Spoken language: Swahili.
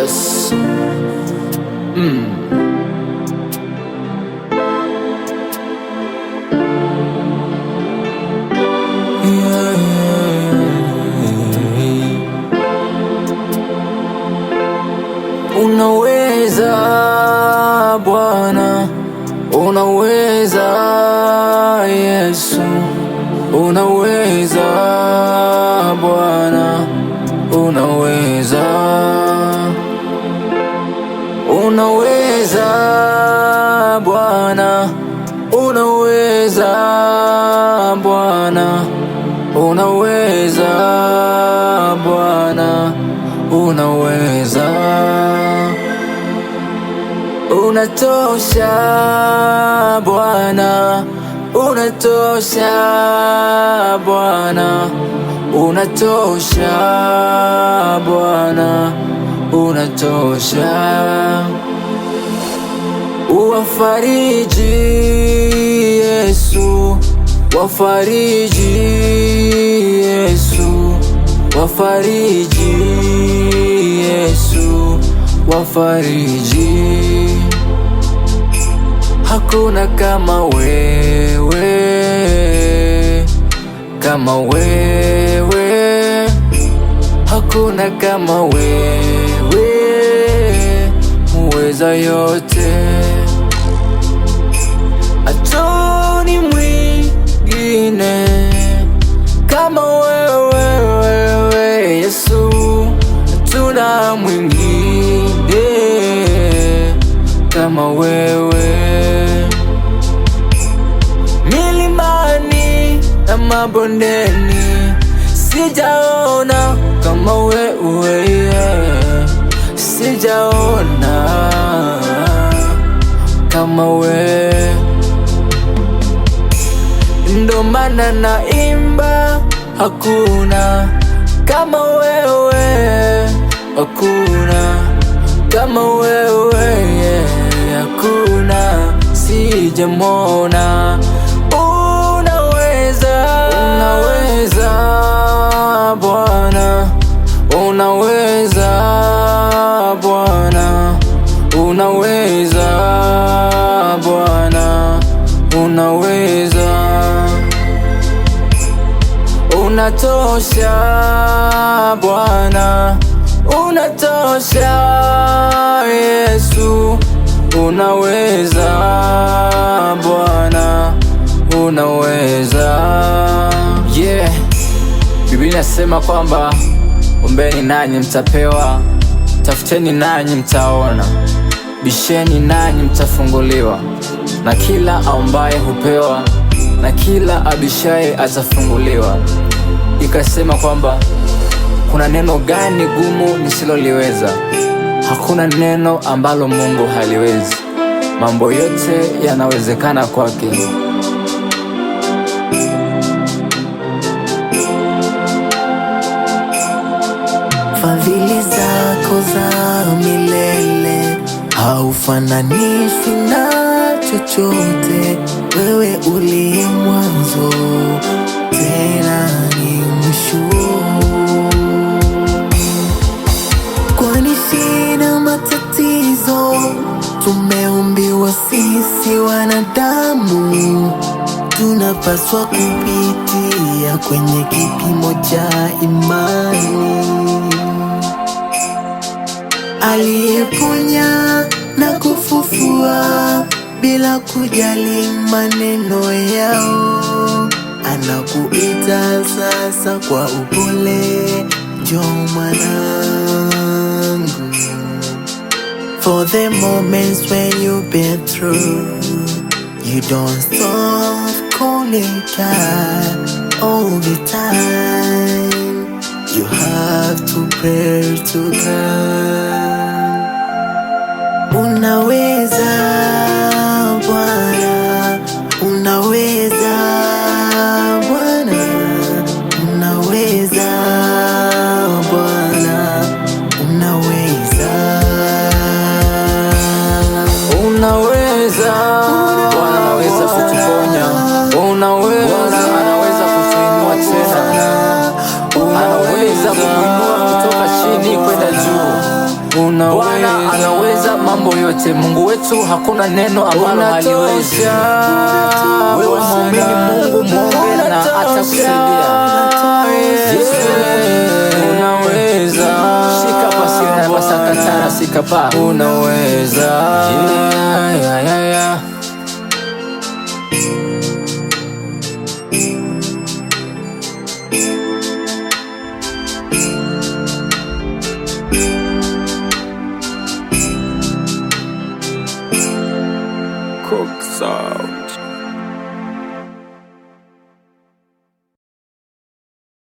Hmm. Yes. Mm. Unaweza Bwana, unaweza Yesu, unaweza Bwana, unaweza Bwana, unaweza Bwana, unaweza, unatosha Bwana, unatosha Bwana, unatosha Bwana, unatosha Uwafariji Yesu, wafariji Yesu, wafariji Yesu, wafariji. Hakuna kama wewe, kama wewe, hakuna kama wewe, muweza yote hakuna mwingine kama wewe. Milimani na mabondeni sijaona kama wewe, sijaona kama wewe, ndo maana naimba hakuna kama wewe hakuna kama wewe, hakuna sijamona. Unaweza, unaweza Bwana, unaweza Bwana, unaweza Bwana, unaweza unatosha Bwana Unatosha Yesu, unaweza Bwana, unaweza yeah. Biblia inasema kwamba ombeni nanyi mtapewa, tafuteni nanyi mtaona, bisheni nanyi mtafunguliwa. Na kila aombaye hupewa, na kila abishaye atafunguliwa. Ikasema kwamba kuna neno gani gumu nisiloliweza? Hakuna neno ambalo Mungu haliwezi. Mambo yote yanawezekana kwake. Fadhili zako za milele haufananishwi na chochote, wewe uli tumeumbiwa sisi wanadamu, tunapaswa kupitia kwenye kipimo cha imani. Aliyeponya na kufufua bila kujali maneno yao, anakuita sasa kwa upole, njoo mwanangu. For the moments when you've been through, you don't stop calling God all the time. You have to pray to God. Unaweza anaweza kuinua kutoka chini kwenda juu. Bwana anaweza mambo yote, Mungu wetu hakuna neno ambalo haliwezi. Wewe muamini Mungu, muombe na atakusaidia. Unaweza shika pasi na pasina pasakatara sikapa, unaweza Yeah. soul.